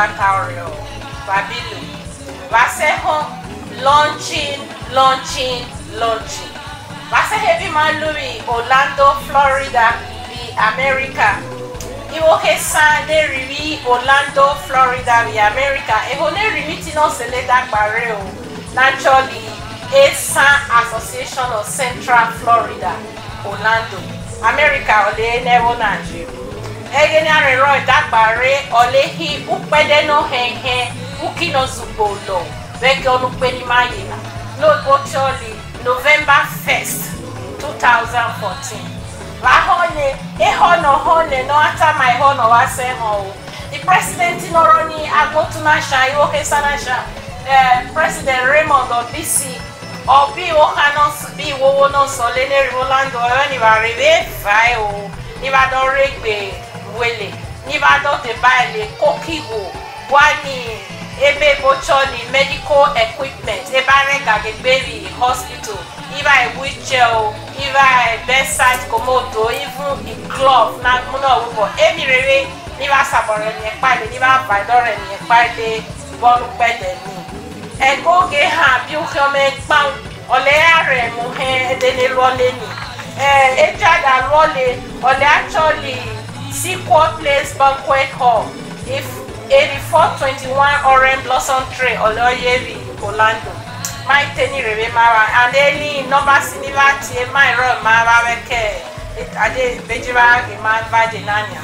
Ontario, Babilu, Baseho, launching, launching, launching. Basehebi Maluri, Orlando, Florida, the America. Iwoke san le Orlando, Florida, the America. Eho le riri ti no se le dagbare o. Naturally, Esan Association of Central Florida, Orlando, America, ole enewo Nigeria eyenarịrọ dakpari olehi ukpedeno henhe ukinozubolo veke onukpenimayina n'ụbọchị november 1st 2014 vahone ịhọnọhone n'ata ma ịhọnọwasa họwụ the president nọrọ n'agbotunasha iwokesanasha president raymond obisi obi wohanos bi wowonos oleneriwolandụ ọyọ nibaribe fae o nibadọregbe wele n'Ibadan dey buy ele kokiwo gwani ebe bochoni medical equipment ebe arengagegberi hospital iba wheelchair o iba bedside komodo even e glove na muna wubo emi rere n'Iba Saboro ènìyàn pàdé n'Iba Ibadan ènìyàn pàdé bọ́ọ̀lù pẹ̀lẹ́ ni ẹ̀gbọ́n-gẹ̀ hàn bí ó kí ọmọ ẹ̀ gbáwó ọlẹ ààrẹ muhe edele lọlẹ ni ẹ ẹjada lọlẹ ọlẹ atsọli Sequoia Place Banquet Hall, if 8421 Orange Blossom Trail, Oloyeri, Orlando. My Teni Rebe Mara, and any number similar to my room, Mara Weke, Ade Bejira, Iman Vajinania.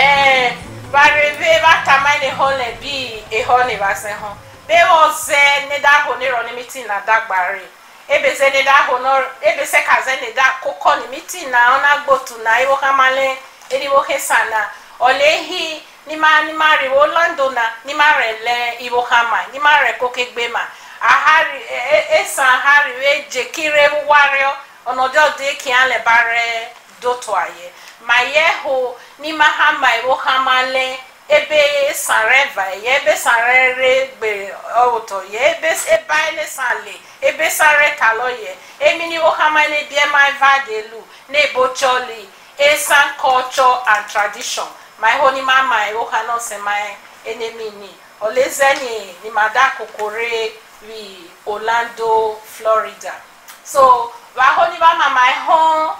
Eh, Barebe, Batamai, the Hone B, a e Hone Vaseho. They all said, Neda Hone Ronimiti, Nadagbari. ebese ne da ho no ebese kaze ne da koko ni miti na ona gbotu na iwo kamale eriwo kesana olehi ni ma ni ma riwo londo na ni ma rele iwo kama ni ma re kokegbe ma ahari e, e, esa ahari we jekire wario onojo de kiale bare doto aye ma ye ho ni ma ha ma iwo kamale ebe sareva ye ebe sarere gbe ọwụtọ ya ebe ebe anyị na-esa le ebesare kaloye emini ohamale bmi vadelu nebocholi esan culture and tradition my honi mama ohano semai enemini olezeni ni mada kokore wi orlando florida so wa honi mama my home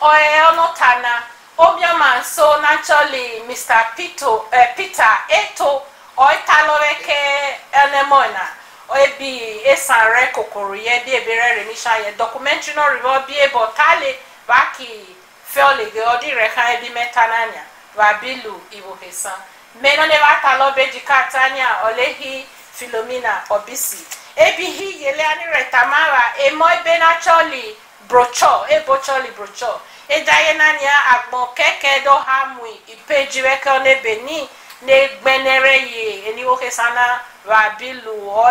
oye onotana obioma so naturally mr Pito, uh, peter eto oitaloreke enemona ebi esan rɛ kokoro yɛ de ebi rɛ remisa yɛ documentary no ribɔ bie bɔ le baki fɛɔlege ɔdi rɛ kan ebi mɛ tananya babilu ibo hesan mɛ nɔne ba ta lɔ bɛ jika tanya ɔlehi filomina ɔbisi ebi hi yele ani rɛ tamara emɔ ebe na tsɔli brotsɔ ebo tsɔli brotsɔ eda yɛ nania agbɔn kɛkɛ dɔ hamui ipeji rɛ kɛ ɔne benin ne gbenere ye eni woke sana va bilu o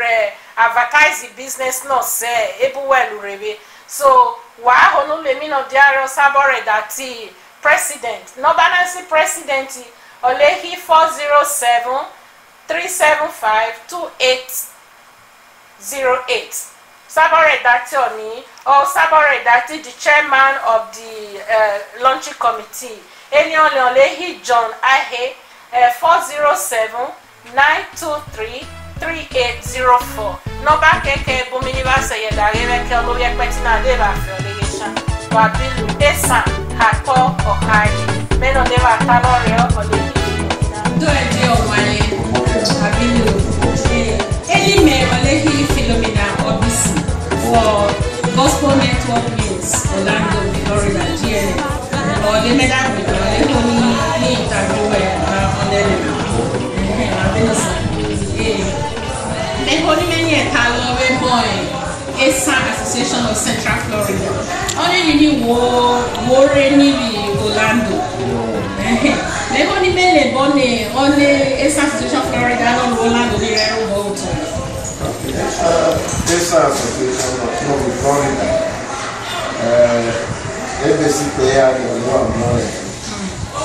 re advertise business no se ebu welu rebe so wa honu le mi no diaro sabore dati president no balance president olehi 407 375 2808 sabore dati oni or sabore dati the chairman of the uh, launching committee eni ole olehi john ahe Eh, four zero seven nine two three three eight zero four nọmba kẹkẹ gomini bá sẹyẹ dàrí rẹkẹ olórí ẹpẹtì náà lè bá fi ọlẹyẹ ṣá wà bílù tẹsán àtọ ọkà yìí mẹnu lè bá ta lọrẹ ọlẹyẹ. ndo ẹdí ọmọ ayé abilu elime olehi obisi for gospel network news orlando florida gm ọlẹmẹdàgbẹjọ ọlẹkùnrin ní ìtàgé wẹ. The Holy Many Italian Boy ASA Association of Central Florida. Only ni wo wo re ni bi Orlando. The Holy Many Bonne only ASA Association of Florida on Orlando ni re wo to. ASA Association of Florida. Eh, ebesi pe ya ni wa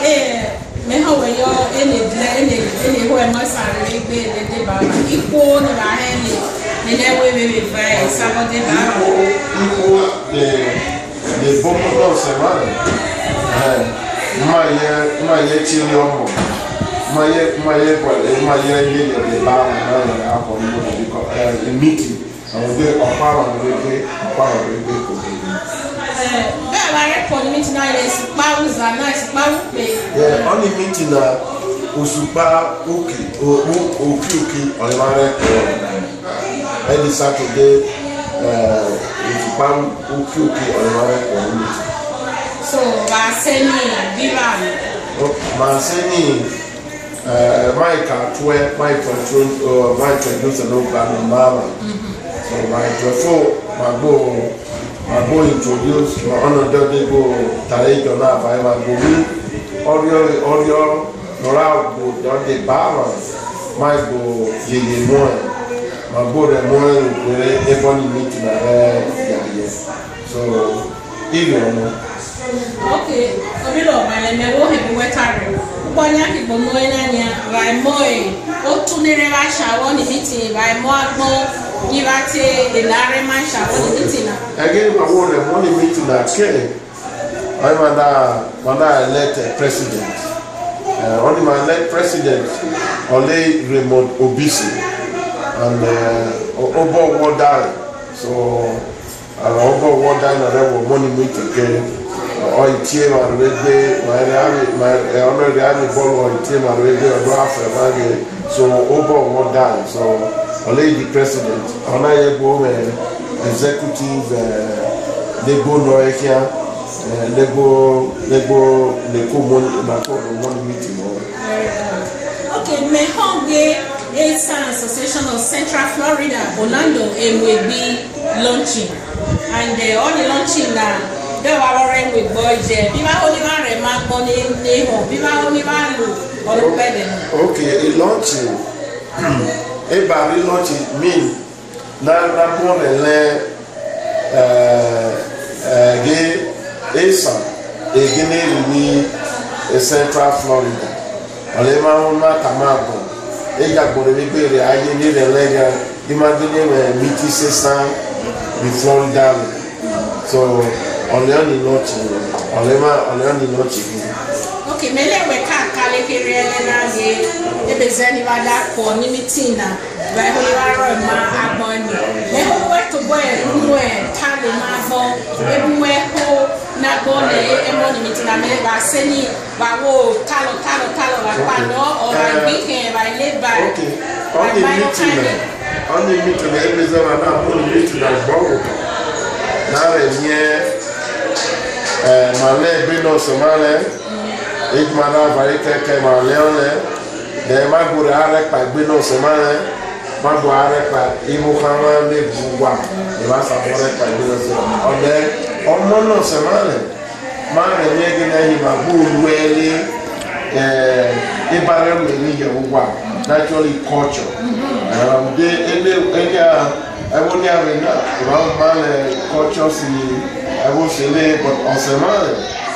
meha na yọ enehụ emasarịgbe edebara ikwu na ahịa enewe mebe fire sabọdebara the bumper of Savannah. My my chin on my my eh, my lady of the bar and up on the meeting. I will be a a bẹ́ẹ̀ bá rẹ́pọ̀ ní mítí náà yẹ ìsìpá òòzà náà ìsìpá òpè. ọ ní mítí na òṣùpá òkè òkè òkè ọ̀lẹ́wà rẹ́pọ̀ ẹni eh, sátọ̀dé òṣùpá òkè òkè ọ̀lẹ́wà rẹ́pọ̀ ní mítí. so màá sẹ́ni bíbà mi. màá sẹ́ni máìkà tó ẹ máìkà tó máìkà tó sọ̀rọ̀ gbàgbọ́ máa wà so máìkà tó máa gbó I go introduce my honored people Tarik Jona Afaiwa Gbowi Oriol Oriol Nora Ogbo don dey balance my go yeye mu ẹ my go rẹ mu ẹ òkèrè ebony meat na ẹ yàyẹ so ìlú ọmọ. Okay, obìnrin ọ̀gbà ẹ̀mẹ̀ wo hẹ̀mí wẹ́tà rẹ̀ ụgbọ onye akigbo mụọ n'anya raimoe otu nere rasha wọ n'imiti raimo e, agbọ Again, my want them only me to that care. I want that uh, when I elect a president. Uh, only my elect president, Ole Raymond Obisi, and uh, Obo Wadai. So uh, Obo Wadai na that was money me to care. Ọ̀ìtìẹ́ màrúwẹ́gbé ọ̀nà ìrìn àmì bọ́ọ̀lù ọ̀ìtìẹ́ màrúwẹ́gbé ọ̀dọ́ àfẹ́ máa ń gbé so ó bọ̀ wọ́n dáhùn so our lady president ọ̀nàyẹ̀bọ̀ executive lebo nọ̀ẹ́kíá lebo lebo leko mọ̀nàkọ̀ mọ̀nàkọ̀ meeting wọn. okay mehongwe asan association of central florida orlando enwegbe launching and uh, all the launching na. Uh, bẹ́ẹ̀ wá rọrẹ́ ìwé gbọ́ jẹ bí bá ní bá rẹ̀ máa gbọ́ ní ní hàn bí bá ní bá lò ọdún pẹ̀lẹ́. ok launching. ịbara ịnọchi min na rapụ na-ele e, e, gị ịsa egi na-eriri e central florida ọlịma ọma tamabụ ịgagboro ebere anyị na-ele ya ịmadị na-enwe miti sesa bi florida so ọlịọ nị n'ọchị ọlịma ọlịọ nị n'ọchị gị okay mele weka ye elena ge ebeze ni wada ko ni meeting na bɛho e yarɔ ma abɔ ni eho wɛto bɔ ehu ɛ talo ma bɔ ehu ɛho na bɔ na ɛmɔ ni meeting na mele ba se ni ba wo talo talo talo ba pa lɔ ɔba eh, weekend ba ile e ba ba ba yɔ kan ni. ɔni meeting na ebeze na na bɔ ni meeting na gbɔ wo na re nye ɛɛ eh, malɛ bi nɔ sɔmalɛ ekuma na va yi keke ma lɛ lɛ dɛ ma go ɖe arɛ kpa gbe na ose ma lɛ ma do arɛ kpa imu hã ma be bu wa ne ma sa fɔ arɛ kpa gbe na ose ɔdɛ ɔmɔ na ose ma le ma lɛ nye ke na yi ma go lue li ɛɛ eba ɖe me li yɛ wo wa naturally culture ɛɛ de ele eya ɛwo ni ame na ma le culture si ɛwo si le but ɔse ma lɛ.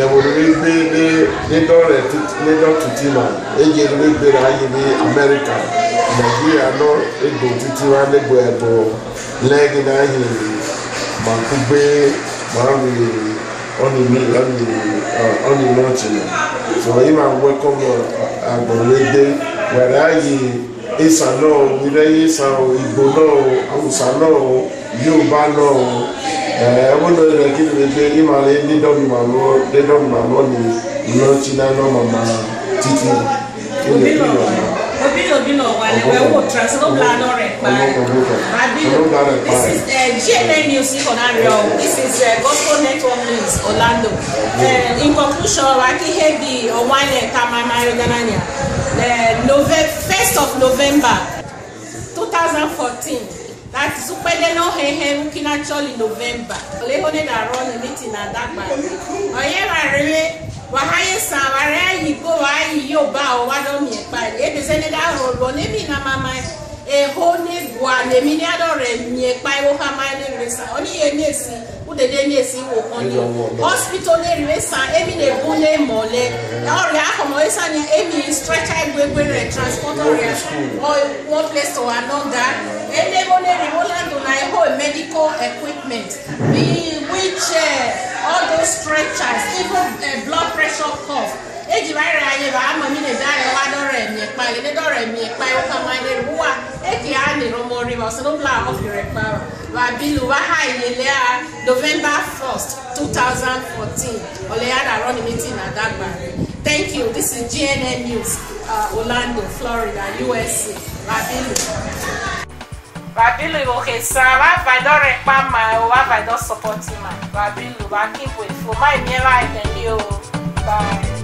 dẹwòrìrì gbé ní nídọ rẹ nídọ títí ma eye ní gbé rẹ ayé ní amẹrika nàìjíríà nọ egbò títí wa nígbò ẹgbò lẹ́yìn náà yẹ màkú gbé màá mi ọ̀nì mi ọ̀nì ọ̀nì náà ti nà so yìí máa wẹ́kọ̀ mọ àgbọ̀nrẹ́gbẹ́ wẹ̀rẹ̀ ayé ìsà náà wíwẹ́ ìsà ìgbò náà àwùsà náà yóò bá lọ o ɛmɔdɔ yi ke de pe ima le ne dɔmi ma lɔ ne dɔmi ma lɔ ni lɔ ti na lɔ ma ma titi ke le pe lɔ ma. obi na obi na ɔwa le wɛ wo tra so no bla no rɛ kpa abi this is eh, GNN news for Nario this is uh, gospel network news Orlando uh, in conclusion Akihebi Onwale Tamama Ayodananya uh, first of November two thousand fourteen that zupeleno hehe nkina choli november olehone daroni miti na dagba oyerarele wahaye san ware yibo wayi yoba o wadomi epa ebese ne da rolo nemi na mama eho ne bua nemi ne adore mi epa e ewo ha ma e ne resa oni ye mi esi udede mi esi wo kan ni hospital ne resa emi ne bu ne mole ori akomo esa ni emi stretcher egbegbe re transporter re o one place to another enabling Rimoland on my whole medical equipment, the wheelchair, all those stretchers, even uh, blood pressure cuff. Eji ba ere aye ba ama mi ne da re wa do re mi pa ile do re mi pa o e ka ma le ruwa e ki a ni ro mo ri ba so do bla of your power bilu wa ha ile le a November 1st 2014 ole ya da run meeting at Dagbare Thank you. This is GNN News, uh, Orlando, Florida, USA. Rabilu. Babilu ohesa wafa don repa ma o wafa don support ma Babilu wakibu efo ma emi ewa ibeli o bye.